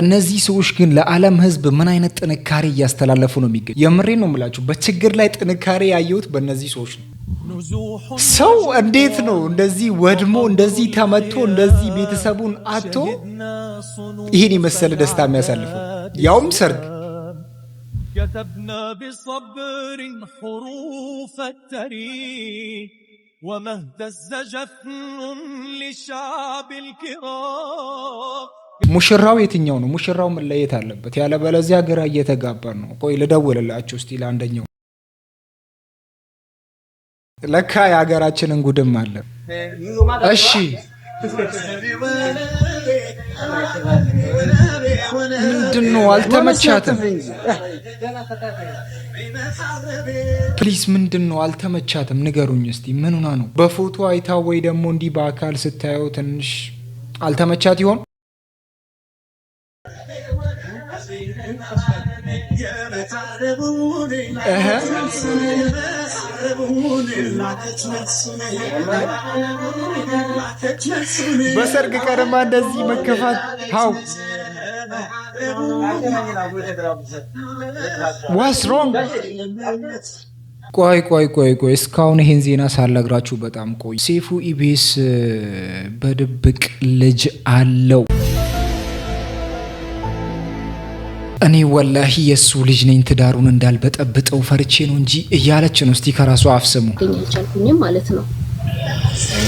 እነዚህ ሰዎች ግን ለዓለም ሕዝብ ምን አይነት ጥንካሬ እያስተላለፉ ነው የሚገኝ? የምሬ ነው የምላችሁ። በችግር ላይ ጥንካሬ ያየሁት በእነዚህ ሰዎች ነው። ሰው እንዴት ነው እንደዚህ ወድሞ እንደዚህ ተመቶ እንደዚህ ቤተሰቡን አቶ ይህን የመሰለ ደስታ የሚያሳልፈው ያውም ሰርግ ወመህተዘ ጀፍኑን ሊሻዕብ ልኪራም ሙሽራው የትኛው ነው? ሙሽራው መለየት አለበት። ያለበለዚያ ግራ እየተጋባን ነው። ቆይ ልደውልላችሁ እስቲ ለአንደኛው። ለካ የሀገራችንን ጉድም አለ። እሺ ምንድን ነው አልተመቻትም? ፕሊስ ምንድን ነው አልተመቻትም? ንገሩኝ እስቲ ምኑና ነው? በፎቶ አይታ ወይ ደግሞ እንዲህ በአካል ስታየው ትንሽ አልተመቻት ይሆን? በሰርግ ቀረማ እንደዚህ መከፋት ሀው ዋስ ሮንግ። ቆይ ቆይ ቆይ ቆይ እስካሁን ይሄን ዜና ሳልነግራችሁ በጣም ቆይ። ሴፉ ኢቢኤስ በድብቅ ልጅ አለው። እኔ ወላሂ የእሱ ልጅ ነኝ ትዳሩን እንዳልበጠብጠው ፈርቼ ነው እንጂ እያለች ነው። እስቲ ከራሱ አፍ ስሙ። አልቻልኩኝም ማለት ነው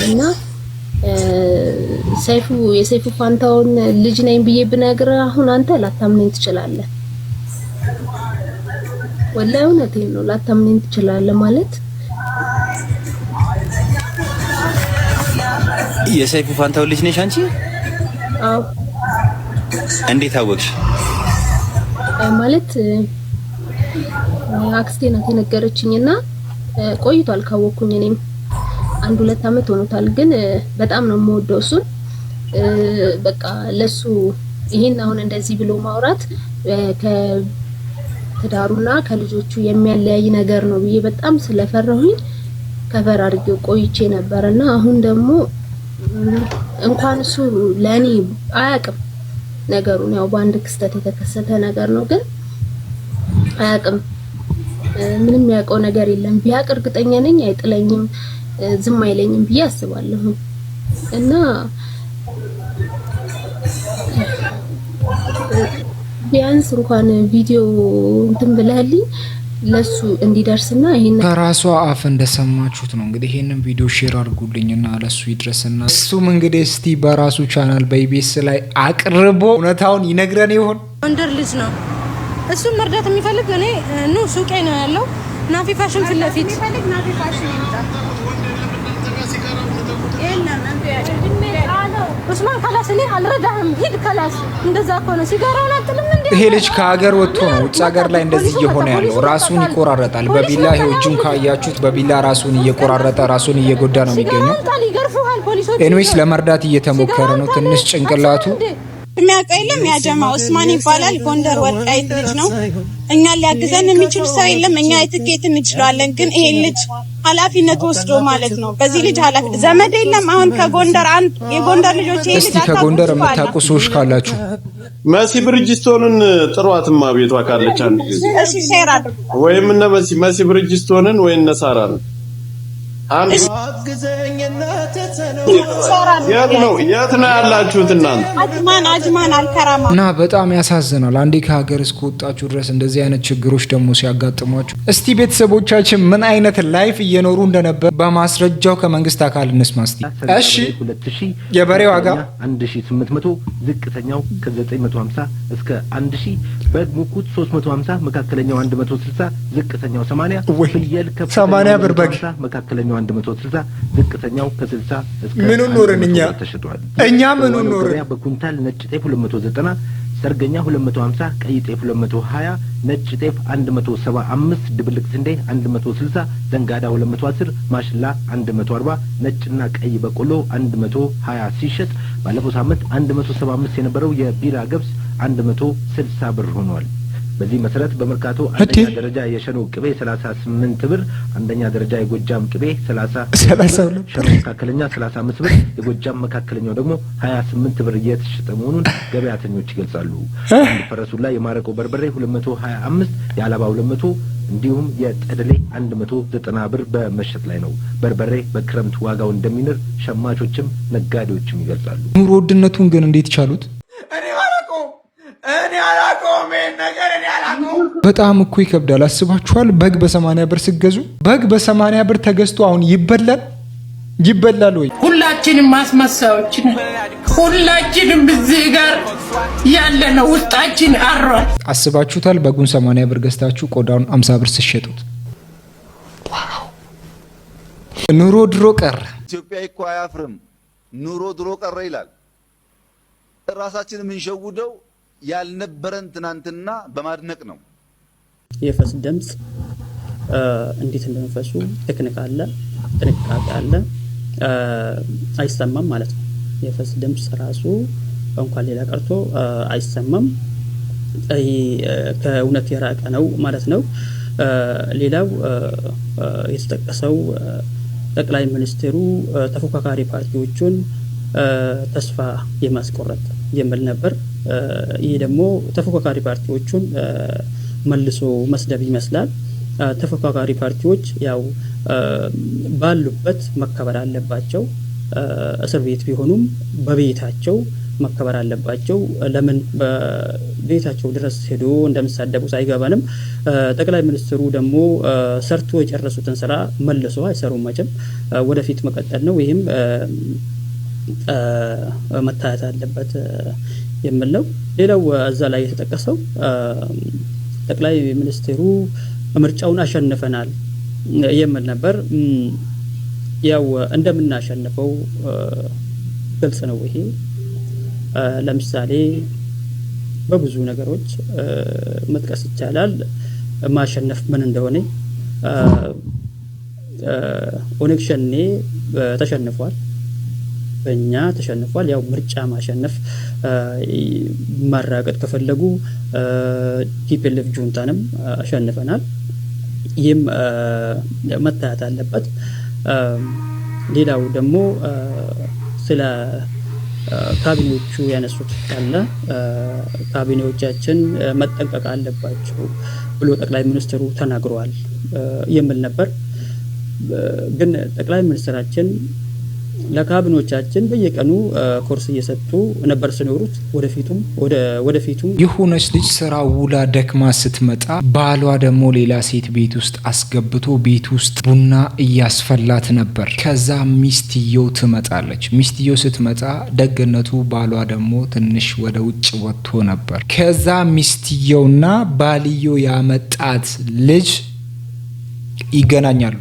እና ሰይፉ የሰይፉ ፋንታውን ልጅ ነኝ ብዬ ብነግር አሁን አንተ ላታምነኝ ትችላለህ። ወላሂ እውነቴን ነው። ላታምነኝ ትችላለህ ማለት የሰይፉ ፋንታውን ልጅ ነሽ አንቺ? አዎ። እንዴት አወቅሽ? ማለት አክስቴ ናት የነገረችኝ እና ቆይቷል ካወቅኩኝ እኔም አንድ ሁለት አመት ሆኖታል። ግን በጣም ነው የምወደው እሱን በቃ ለሱ ይሄን አሁን እንደዚህ ብሎ ማውራት ከትዳሩና ከልጆቹ የሚያለያይ ነገር ነው ብዬ በጣም ስለፈራሁኝ ከበር አድርጌው ቆይቼ ነበር እና አሁን ደግሞ እንኳን እሱ ለእኔ አያውቅም ነገሩን ያው በአንድ ክስተት የተከሰተ ነገር ነው፣ ግን አያውቅም። ምንም ያውቀው ነገር የለም። ቢያውቅ እርግጠኛ ነኝ አይጥለኝም፣ ዝም አይለኝም ብዬ አስባለሁ። እና ቢያንስ እንኳን ቪዲዮ እንትን ብለህልኝ ለሱ እንዲደርስና ይሄን ከራሷ አፍ እንደሰማችሁት ነው እንግዲህ ይሄንን ቪዲዮ ሼር አድርጉልኝና ለሱ ይድረስና እሱም እንግዲህ እስቲ በራሱ ቻናል በኢቢኤስ ላይ አቅርቦ እውነታውን ይነግረን ይሆን። ወንደር ልጅ ነው እሱም መርዳት የሚፈልግ እኔ ኑ ሱቄ ነው ያለው ናፊ ፋሽን ፊት ለፊት ኡስማን ከላስ እኔ አልረዳህም ሂድ ከላስ እንደዛ ከሆነ ሲጋራውን አጥልም ይሄ ልጅ ከሀገር ወጥቶ ነው ውጭ ሀገር ላይ እንደዚህ እየሆነ ያለው። ራሱን ይቆራረጣል በቢላ ይሄው እጁን ካያችሁት በቢላ ራሱን እየቆራረጠ ራሱን እየጎዳ ነው የሚገኘው። ኤንዌስ ለመርዳት እየተሞከረ ነው። ትንሽ ጭንቅላቱ የሚያውቀው የለም። ያጀማ ኡስማን ይባላል። ጎንደር ወልቃይት ልጅ ነው። እኛን ሊያግዘን የሚችል ሰው የለም። እኛ የትኬት እንችለዋለን፣ ግን ይሄ ልጅ ኃላፊነት ወስዶ ማለት ነው። በዚህ ልጅ ኃላፊ ዘመድ የለም። አሁን ከጎንደር አንድ የጎንደር ልጆች ይሄ ልጅ ከጎንደር የምታውቁ ሰዎች ካላችሁ መሲ ብርጅስቶንን ጥሯትማ ቤቷ ካለች አንድ ጊዜ ወይም እነ መሲ መሲ ብርጅስቶንን ወይ እነ ሳራ ነው የት ነው ያላችሁት እናንተ? እና በጣም ያሳዝናል። አንዴ ከሀገር እስከወጣችሁ ድረስ እንደዚህ አይነት ችግሮች ደግሞ ሲያጋጥሟችሁ፣ እስቲ ቤተሰቦቻችን ምን አይነት ላይፍ እየኖሩ እንደነበር በማስረጃው ከመንግስት አካል እንስማ እስቲ። እሺ የበሬ ዋጋ 1800 ዝቅተኛው ከ950 እስከ 1000 በግ ሙኩት 350 መካከለኛው 160 ዝቅተኛው 80 ፍየል ከ80 ብር በግ መካከለኛው ከፍተኛው 160 ዝቅተኛው ከ60 እስከ ምኑን ኖርን እኛ ተሽጧል። እኛ ምኑን ኖርን በኩንታል ነጭ ጤፍ 290 ሰርገኛ 250 ቀይ ጤፍ 220 ነጭ ጤፍ 175 ድብልቅ ስንዴ 160 ዘንጋዳ 210 ማሽላ 140 ነጭና ቀይ በቆሎ 120 ሲሸጥ ባለፈው ሳምንት 175 የነበረው የቢራ ገብስ 160 ብር ሆኗል። በዚህ መሰረት በመርካቶ አንደኛ ደረጃ የሸኖ ቅቤ 38 ብር፣ አንደኛ ደረጃ የጎጃም ቅቤ 30 ብር፣ ሸኖ መካከለኛ 35 ብር፣ የጎጃም መካከለኛው ደግሞ 28 ብር እየተሸጠ መሆኑን ገበያተኞች ይገልጻሉ። ፈረሱላ የማረቆ በርበሬ 225፣ የአላባ 200 እንዲሁም የጠድሌ 190 ብር በመሸጥ ላይ ነው። በርበሬ በክረምት ዋጋው እንደሚንር ሸማቾችም ነጋዴዎችም ይገልጻሉ። ኑሮ ውድነቱን ግን እንዴት ቻሉት? እኔ አላውቀውም ነገር እኔ አላውቀውም። በጣም እኮ ይከብዳል። አስባችኋል? በግ በሰማንያ ብር ስገዙ በግ በሰማንያ ብር ተገዝቶ አሁን ይበላል ይበላል ወይ? ሁላችንም ማስመሳዮች ነን። ሁላችንም እዚህ ጋር ያለ ነው ውስጣችን አሯል። አስባችሁታል? በጉን ሰማንያ ብር ገዝታችሁ ቆዳውን አምሳ ብር ስሸጡት ኑሮ ድሮ ቀረ። ኢትዮጵያ እኮ አያፍርም። ኑሮ ድሮ ቀረ ይላል። ራሳችን የምንሸውደው ያልነበረን ትናንትና በማድነቅ ነው። የፈስ ድምፅ እንዴት እንደመፈሱ ቴክኒክ አለ፣ ጥንቃቄ አለ። አይሰማም ማለት ነው። የፈስ ድምፅ ራሱ እንኳን ሌላ ቀርቶ አይሰማም። ከእውነት የራቀ ነው ማለት ነው። ሌላው የተጠቀሰው ጠቅላይ ሚኒስትሩ ተፎካካሪ ፓርቲዎቹን ተስፋ የማስቆረጥ የሚል ነበር። ይሄ ደግሞ ተፎካካሪ ፓርቲዎቹን መልሶ መስደብ ይመስላል። ተፎካካሪ ፓርቲዎች ያው ባሉበት መከበር አለባቸው። እስር ቤት ቢሆኑም በቤታቸው መከበር አለባቸው። ለምን በቤታቸው ድረስ ሄዶ እንደሚሳደቡ ሳይገባንም። ጠቅላይ ሚኒስትሩ ደግሞ ሰርቶ የጨረሱትን ስራ መልሶ አይሰሩም። መቼም ወደፊት መቀጠል ነው። ይህም መታየት አለበት የሚል ነው። ሌላው እዛ ላይ የተጠቀሰው ጠቅላይ ሚኒስትሩ ምርጫውን አሸንፈናል የሚል ነበር። ያው እንደምናሸንፈው ግልጽ ነው። ይሄ ለምሳሌ በብዙ ነገሮች መጥቀስ ይቻላል። ማሸነፍ ምን እንደሆነ ኦነግ ሸኔ ተሸንፏል። በእኛ ተሸንፏል። ያው ምርጫ ማሸነፍ ማራገጥ ከፈለጉ ቲፒኤልኤፍ ጁንታንም አሸንፈናል። ይህም መታየት አለበት። ሌላው ደግሞ ስለ ካቢኔዎቹ ያነሱት ካለ ካቢኔዎቻችን መጠንቀቅ አለባቸው ብሎ ጠቅላይ ሚኒስትሩ ተናግረዋል የሚል ነበር። ግን ጠቅላይ ሚኒስትራችን ለካቢኖቻችን በየቀኑ ኮርስ እየሰጡ ነበር ስኖሩት ወደፊቱም ወደፊቱም የሆነች ልጅ ስራ ውላ ደክማ ስትመጣ ባሏ ደግሞ ሌላ ሴት ቤት ውስጥ አስገብቶ ቤት ውስጥ ቡና እያስፈላት ነበር። ከዛ ሚስትየው ትመጣለች። ሚስትየው ስትመጣ ደግነቱ ባሏ ደግሞ ትንሽ ወደ ውጭ ወጥቶ ነበር። ከዛ ሚስትየውና ባልየው ያመጣት ልጅ ይገናኛሉ።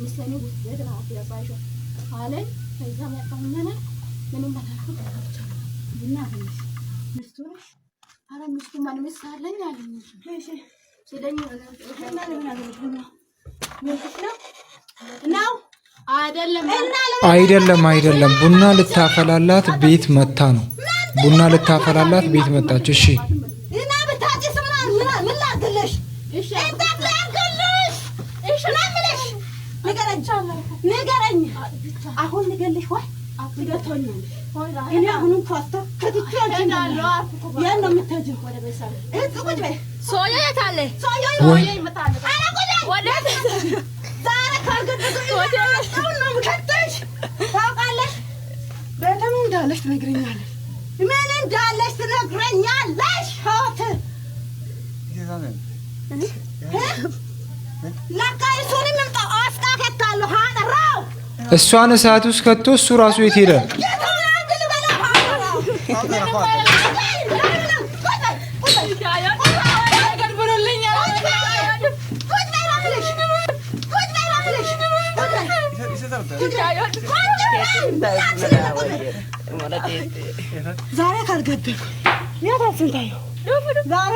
ምስተኔ ራት ያባይሾ አለኝ። ከዛ መጣሁና ምንም አላልኩም። ተካብቻለሁ ቡና አለኝ ሚስቱ ነሽ? አረ ሚስቱ ማን ሚስት አለኝ አለኝ። አይደለም አይደለም፣ ቡና ልታፈላላት ቤት መታ ነው። ቡና ልታፈላላት ቤት መጣች። እሺ እና ምን እሺ ንገረኝ፣ ንገረኝ። አሁን ልገልሽ ወይ ልገቶኛል። እኔ አሁንም ኳስቶ ከትቼ ያን ነው የምትሄጂው። ቁጭ በይ። ሶዬ የት አለ? ሶዬ ይመጣል። ታውቃለሽ፣ በደም እንዳለሽ ትነግረኛለሽ። ምን እንዳለሽ ትነግረኛለሽ። ለካ እሱንም እሷን እሳት ውስጥ ከቶ እሱ ራሱ የት ሄደ? ዛሬ ካልገደልኩ ዛሬ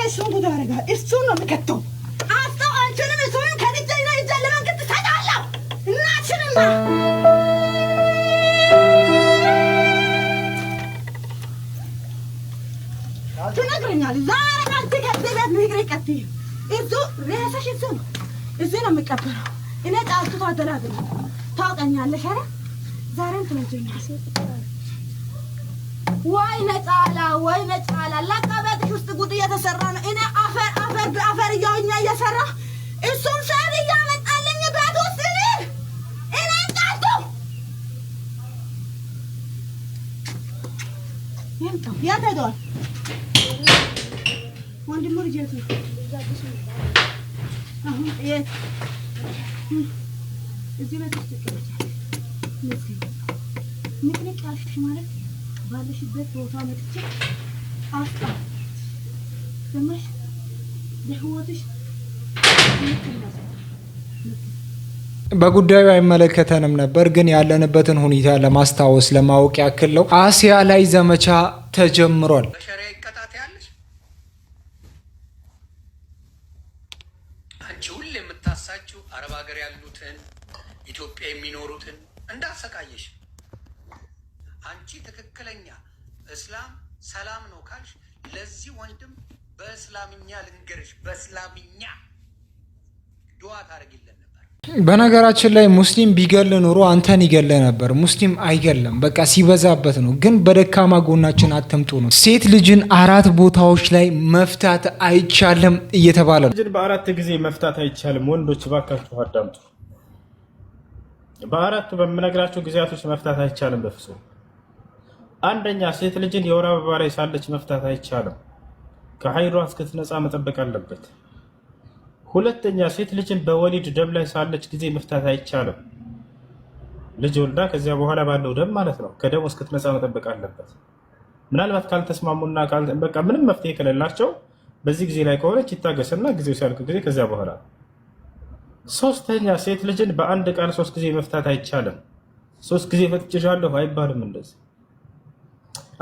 እሱን ጉድ እሱን ነው የምከተው ይኖረኛል። ዛሬ ካልተቀበለት ንግሬ ቀጥዩ እዙ ሬሳሽ እዙ ነው እዙ ነው የምቀበለው። እኔ ጣቱ ታደላት ነው ታውቀኛለሽ። ኧረ ዛሬም ትመጀኛል። ወይ ነጫላ ወይ ነጫላ ለካ ቤትሽ ውስጥ ጉድ እየተሰራ ነው። እኔ አፈር አፈር በአፈር እያውኛ እየሰራ እሱም ሰር እያመጣልኝ ቤት ውስጥ እኔ እኔ ጣቱ ይምጣ ያተደዋል ወንድሙ አሁን የት እዚህ ቤት ውስጥ ይቀመጫል። ንቅንቅ ያልሽ ማለት ባለሽበት ቦታ መጥቼ ለህይወትሽ በጉዳዩ አይመለከተንም ነበር፣ ግን ያለንበትን ሁኔታ ለማስታወስ ለማወቅ ያክል ነው። አሲያ ላይ ዘመቻ ተጀምሯል። ሰላም ነው ካልሽ ለዚህ ወንድም በእስላምኛ ልንገርሽ፣ በእስላምኛ ዱዓ ታደርግለን ነበር። በነገራችን ላይ ሙስሊም ቢገል ኑሮ አንተን ይገለ ነበር። ሙስሊም አይገለም፣ በቃ ሲበዛበት ነው። ግን በደካማ ጎናችን አትምጡ ነው። ሴት ልጅን አራት ቦታዎች ላይ መፍታት አይቻልም እየተባለ ነው። ልጅን በአራት ጊዜ መፍታት አይቻልም። ወንዶች እባካችሁ አዳምጡ። በአራቱ በምነግራቸው ጊዜያቶች መፍታት አይቻልም በፍጹም አንደኛ ሴት ልጅን የወር አበባ ላይ ሳለች መፍታት አይቻልም። ከሀይሯ እስክትነፃ መጠበቅ አለበት። ሁለተኛ ሴት ልጅን በወሊድ ደም ላይ ሳለች ጊዜ መፍታት አይቻልም። ልጅ ወልዳ ከዚያ በኋላ ባለው ደም ማለት ነው። ከደሙ እስክትነፃ መጠበቅ አለበት። ምናልባት ካልተስማሙና በቃ ምንም መፍትሄ ከሌላቸው በዚህ ጊዜ ላይ ከሆነች ይታገስና ጊዜው ሲያልቅ ጊዜ ከዚያ በኋላ። ሶስተኛ ሴት ልጅን በአንድ ቃል ሶስት ጊዜ መፍታት አይቻልም። ሶስት ጊዜ ፈጥጭሻለሁ አይባልም እንደዚህ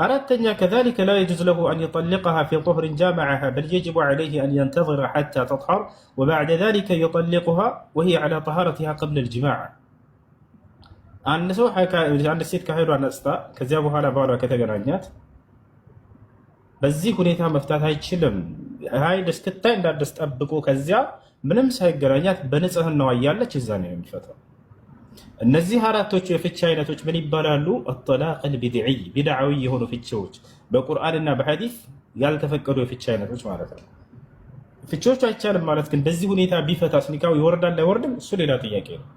أن كذلك لا يجوز له أن يطلقها في طهر جامعها بل يجب عليه أن ينتظر حتى تطهر وبعد ذلك يطلقها وهي على طهارتها قبل الجماع አንሱ አንድ ሴት ከኃይሏ ነጽታ ከዚያ በኋላ ባሏ ከተገናኛት በዚህ ሁኔታ መፍታት አይችልም። ኃይል እስክታይ እንዳደስ منمس هاي قرانيات ሳይገናኛት النوايا لا تشزاني من فترة እነዚህ አራቶቹ የፍቻ አይነቶች ምን ይባላሉ? አጠላቅ ልቢድዒ ቢድዓዊ የሆኑ ፍቺዎች በቁርአንና በሐዲስ ያልተፈቀዱ የፍቻ አይነቶች ማለት ነው። ፍቺዎቹ አይቻልም ማለት ግን በዚህ ሁኔታ ቢፈታ ስኒካው ይወርዳል አይወርድም? እሱ ሌላ ጥያቄ ነው።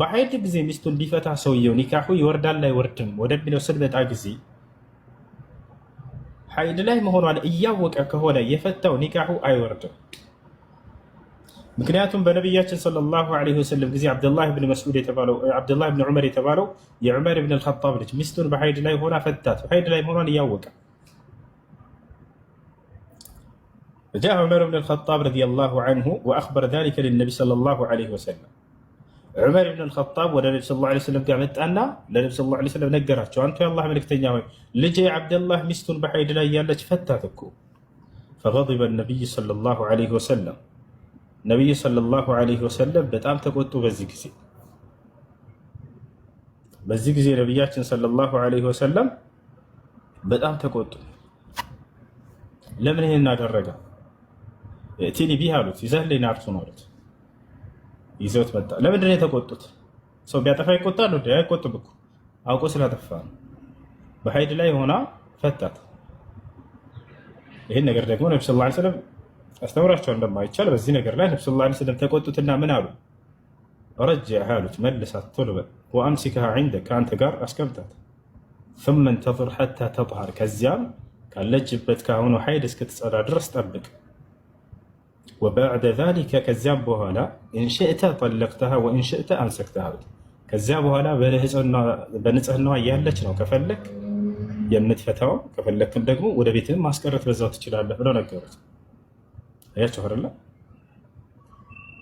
በሐይድ ጊዜ ሚስቱን ቢፈታ ሰውየው ኒካሁ ይወርዳል አይወርድም ወደሚለው ስንመጣ ጊዜ ሐይድ ላይ መሆኗን እያወቀ ከሆነ የፈታው ኒካሁ አይወርድም። ምክንያቱም በነቢያችን ሰለላሁ ዐለይሂ ወሰለም ጊዜ አብደላህ ብን መስዑድ የተባለው አብደላህ ብን ዑመር የተባለው የዑመር ብን አልኸጣብ ልጅ ሚስቱን በሀይድ ላይ ሆና ፈታት። ሀይድ ላይ መሆኗን እያወቀ فجاء عمر بن الخطاب رضي الله عنه وأخبر ذلك للنبي صلى الله عليه وسلم ዑመር ብን ልከጣብ ወደ ነቢ ስለ ስለም ጋር መጣና ለነቢ ስለ ላ ስለም ነገራቸው። አንተ የአላህ መልእክተኛ ሆይ ልጄ አብደላህ ሚስቱን በሐይድ ላይ ያለች ፈታት እኮ። ፈገضበ ነቢይ ሰለላሁ ዐለይሂ ወሰለም ነቢዩ ሰለላሁ አለይሂ ወሰለም በጣም ተቆጡ። በዚህ ጊዜ በዚህ ጊዜ ነቢያችን ሰለላሁ አለይሂ ወሰለም በጣም ተቆጡ። ለምን ይህን አደረገ? ቲኒ ቢህ አሉት። ይዘህልኝ ናርቱን አሉት። ይዘውት መጣ። ለምንድን ነው የተቆጡት? ሰው ቢያጠፋ ይቆጣሉ? አይቆጡም እኮ አውቆ ስላጠፋ ነው። በሀይድ ላይ ሆና ፈታት። ይህን ነገር ደግሞ ነቢ ስ ያስተምራቸው እንደማይቻል በዚህ ነገር ላይ ነብዩ ሰለላሁ ዐለይሂ ተቆጡትና ምን አሉ? ረጅዕ አሉት፣ መልሳት ቶሎ በል ወአምሲክሃ ዒንደክ ከአንተ ጋር አስቀምጣት። ሱመ እንተظር ሐታ ተጥሀር ከዚያም ካለችበት ከአሁኑ ሀይድ እስክትጸዳ ድረስ ጠብቅ። ወባዕደ ዛሊከ ከዚያም በኋላ እንሽእተ ጠለቅተሃ ወእንሽእተ አምሰክተሃ አሉት። ከዚያ በኋላ በንጽህናዋ እያለች ነው ከፈለክ የምትፈታው፣ ከፈለክም ደግሞ ወደ ቤትህም ማስቀረት በዛው ትችላለህ ብለው ነገሩት። አያቸው አይደለ?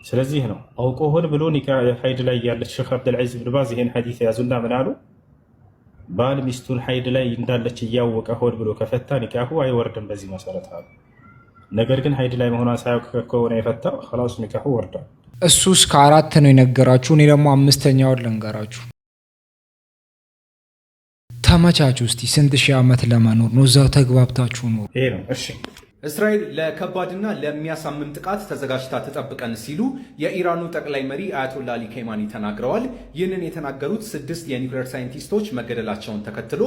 ስለዚህ ነው አውቆ ሆን ብሎ ሀይድ ላይ ያለች ሼክ አብደልዓዚዝ ብን ባዝ ይሄን ሐዲስ ያዙና ምን አሉ? ባል ሚስቱን ሀይድ ላይ እንዳለች እያወቀ ሆን ብሎ ከፈታ ኒካሁ አይወርድም በዚህ መሰረት አሉ። ነገር ግን ሀይድ ላይ መሆኗን ሳያውቅ ከሆነ የፈታው ላስ ኒካሁ ወርዷል። እሱ እስከ አራት ነው የነገራችሁ። እኔ ደግሞ አምስተኛውን ልንገራችሁ። ተመቻችሁ። እስቲ ስንት ሺህ ዓመት ለመኖር ነው? እዛው ተግባብታችሁ ኑሩ። እስራኤል ለከባድና ለሚያሳምም ጥቃት ተዘጋጅታ ተጠብቀን ሲሉ የኢራኑ ጠቅላይ መሪ አያቶላ አሊ ከይማኒ ተናግረዋል። ይህንን የተናገሩት ስድስት የኒውክሌር ሳይንቲስቶች መገደላቸውን ተከትሎ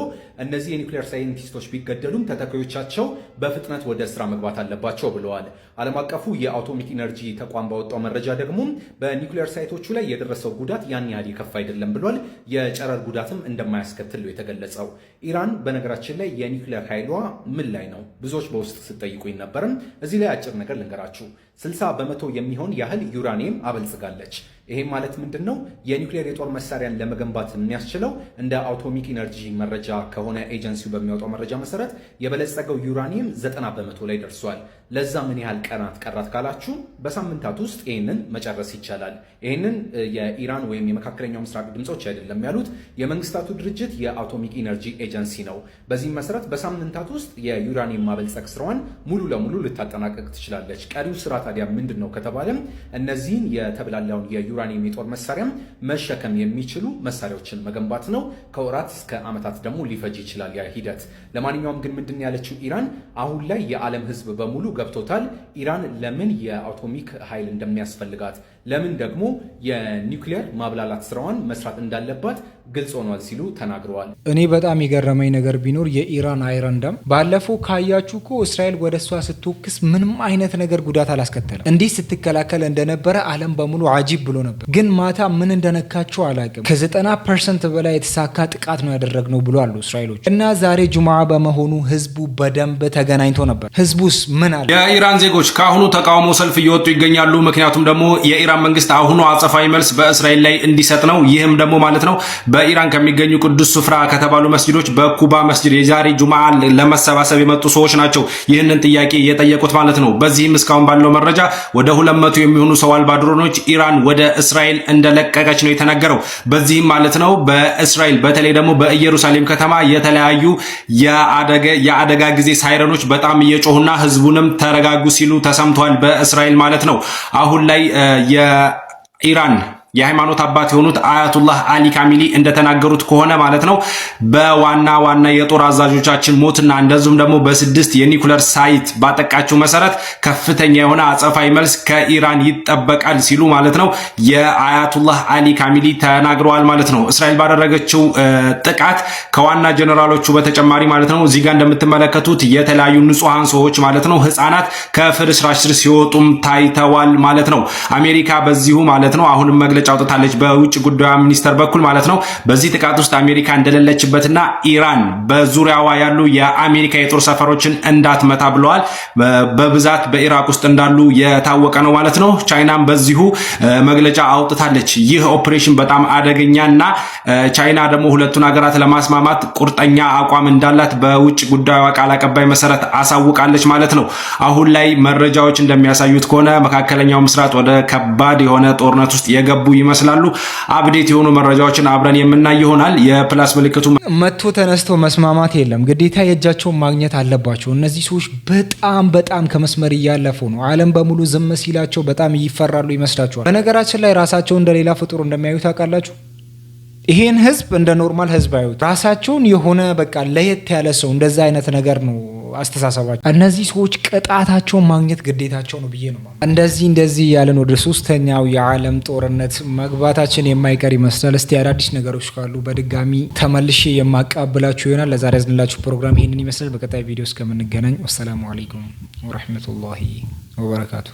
እነዚህ የኒውክሌር ሳይንቲስቶች ቢገደሉም ተተኪዎቻቸው በፍጥነት ወደ ስራ መግባት አለባቸው ብለዋል። ዓለም አቀፉ የአቶሚክ ኢነርጂ ተቋም ባወጣው መረጃ ደግሞ በኒውክሌር ሳይቶቹ ላይ የደረሰው ጉዳት ያን ያህል የከፍ አይደለም ብሏል። የጨረር ጉዳትም እንደማያስከትል ነው የተገለጸው። ኢራን በነገራችን ላይ የኒውክሌር ኃይሏ ምን ላይ ነው? ብዙዎች በውስጥ ስጠይቁኝ ነበርም። እዚህ ላይ አጭር ነገር ልንገራችሁ። 60 በመቶ የሚሆን ያህል ዩራኒየም አበልጽጋለች። ይሄ ማለት ምንድን ነው? የኒውክሌር የጦር መሳሪያን ለመገንባት የሚያስችለው እንደ አቶሚክ ኢነርጂ መረጃ ከሆነ ኤጀንሲው በሚያወጣው መረጃ መሰረት የበለጸገው ዩራኒየም 90 በመቶ ላይ ደርሷል። ለዛ ምን ያህል ቀናት ቀራት ካላችሁ በሳምንታት ውስጥ ይህንን መጨረስ ይቻላል። ይህንን የኢራን ወይም የመካከለኛው ምስራቅ ድምፆች አይደለም ያሉት፣ የመንግስታቱ ድርጅት የአቶሚክ ኢነርጂ ኤጀንሲ ነው። በዚህም መሰረት በሳምንታት ውስጥ የዩራኒየም ማበልጸግ ስራዋን ሙሉ ለሙሉ ልታጠናቀቅ ትችላለች። ቀሪው ስራ ታዲያ ምንድን ነው ከተባለም እነዚህን የተብላላውን የዩራኒየም የጦር መሳሪያም መሸከም የሚችሉ መሳሪያዎችን መገንባት ነው። ከወራት እስከ ዓመታት ደግሞ ሊፈጅ ይችላል ያ ሂደት። ለማንኛውም ግን ምንድን ያለችው ኢራን አሁን ላይ የዓለም ሕዝብ በሙሉ ገብቶታል ኢራን ለምን የአቶሚክ ኃይል እንደሚያስፈልጋት ለምን ደግሞ የኒውክሊየር ማብላላት ስራዋን መስራት እንዳለባት ግልጽ ሆኗል ሲሉ ተናግረዋል። እኔ በጣም የገረመኝ ነገር ቢኖር የኢራን አይረንዳም ባለፈው ካያችሁ እኮ እስራኤል ወደ እሷ ስትወክስ ምንም አይነት ነገር ጉዳት አላስከተለም። እንዲህ ስትከላከል እንደነበረ ዓለም በሙሉ አጂብ ብሎ ነበር። ግን ማታ ምን እንደነካቸው አላቅም። ከዘጠና ፐርሰንት በላይ የተሳካ ጥቃት ነው ያደረግነው ብሎ አሉ እስራኤሎች። እና ዛሬ ጁማ በመሆኑ ህዝቡ በደንብ ተገናኝቶ ነበር። ህዝቡስ ምን አለ? የኢራን ዜጎች ከአሁኑ ተቃውሞ ሰልፍ እየወጡ ይገኛሉ። ምክንያቱም ደግሞ የኢራን መንግስት አሁኑ አጸፋዊ መልስ በእስራኤል ላይ እንዲሰጥ ነው። ይህም ደግሞ ማለት ነው በኢራን ከሚገኙ ቅዱስ ስፍራ ከተባሉ መስጅዶች በኩባ መስጅድ የዛሬ ጁማ ለመሰባሰብ የመጡ ሰዎች ናቸው ይህንን ጥያቄ የጠየቁት ማለት ነው። በዚህም እስካሁን ባለው መረጃ ወደ ሁለት መቶ የሚሆኑ ሰው አልባ ድሮኖች ኢራን ወደ እስራኤል እንደለቀቀች ነው የተነገረው። በዚህም ማለት ነው በእስራኤል በተለይ ደግሞ በኢየሩሳሌም ከተማ የተለያዩ የአደጋ ጊዜ ሳይረኖች በጣም እየጮሁና ህዝቡንም ተረጋጉ ሲሉ ተሰምቷል። በእስራኤል ማለት ነው አሁን ላይ የኢራን የሃይማኖት አባት የሆኑት አያቱላህ አሊ ካሚሊ እንደተናገሩት ከሆነ ማለት ነው በዋና ዋና የጦር አዛዦቻችን ሞትና እንደዚሁም ደግሞ በስድስት የኒኩለር ሳይት ባጠቃቸው መሰረት ከፍተኛ የሆነ አጸፋዊ መልስ ከኢራን ይጠበቃል ሲሉ ማለት ነው የአያቱላህ አሊ ካሚሊ ተናግረዋል ማለት ነው። እስራኤል ባደረገችው ጥቃት ከዋና ጀኔራሎቹ በተጨማሪ ማለት ነው እዚጋ እንደምትመለከቱት የተለያዩ ንጹሐን ሰዎች ማለት ነው ህፃናት ከፍርስራሽ ስር ሲወጡም ታይተዋል ማለት ነው። አሜሪካ በዚሁ ማለት ነው አሁንም መግለ መግለጫ አውጥታለች፣ በውጭ ጉዳዩ ሚኒስቴር በኩል ማለት ነው። በዚህ ጥቃት ውስጥ አሜሪካ እንደሌለችበትና ኢራን በዙሪያዋ ያሉ የአሜሪካ የጦር ሰፈሮችን እንዳትመታ ብለዋል። በብዛት በኢራቅ ውስጥ እንዳሉ የታወቀ ነው ማለት ነው። ቻይናም በዚሁ መግለጫ አውጥታለች። ይህ ኦፕሬሽን በጣም አደገኛ እና ቻይና ደግሞ ሁለቱን ሀገራት ለማስማማት ቁርጠኛ አቋም እንዳላት በውጭ ጉዳዩ ቃል አቀባይ መሰረት አሳውቃለች ማለት ነው። አሁን ላይ መረጃዎች እንደሚያሳዩት ከሆነ መካከለኛው ምስራት ወደ ከባድ የሆነ ጦርነት ውስጥ የገቡ ይመስላሉ። አብዴት የሆኑ መረጃዎችን አብረን የምናይ ይሆናል። የፕላስ ምልክቱ መጥቶ ተነስቶ መስማማት የለም። ግዴታ የእጃቸውን ማግኘት አለባቸው። እነዚህ ሰዎች በጣም በጣም ከመስመር እያለፉ ነው። ዓለም በሙሉ ዝም ሲላቸው በጣም ይፈራሉ ይመስላችኋል። በነገራችን ላይ ራሳቸው እንደሌላ ፍጡር እንደሚያዩ ታውቃላችሁ። ይሄን ህዝብ እንደ ኖርማል ህዝብ አዩት። ራሳቸውን የሆነ በቃ ለየት ያለ ሰው እንደዛ አይነት ነገር ነው አስተሳሰባቸው። እነዚህ ሰዎች ቅጣታቸውን ማግኘት ግዴታቸው ነው ብዬ ነው እንደዚህ እንደዚህ ያለን ወደ ሶስተኛው የዓለም ጦርነት መግባታችን የማይቀር ይመስላል። እስቲ አዳዲስ ነገሮች ካሉ በድጋሚ ተመልሼ የማቀብላችሁ ይሆናል። ለዛሬ ያዝንላችሁ ፕሮግራም ይህንን ይመስላል። በቀጣይ ቪዲዮ እስከምንገናኝ ወሰላሙ አሌይኩም ወረህመቱላሂ ወበረካቱ።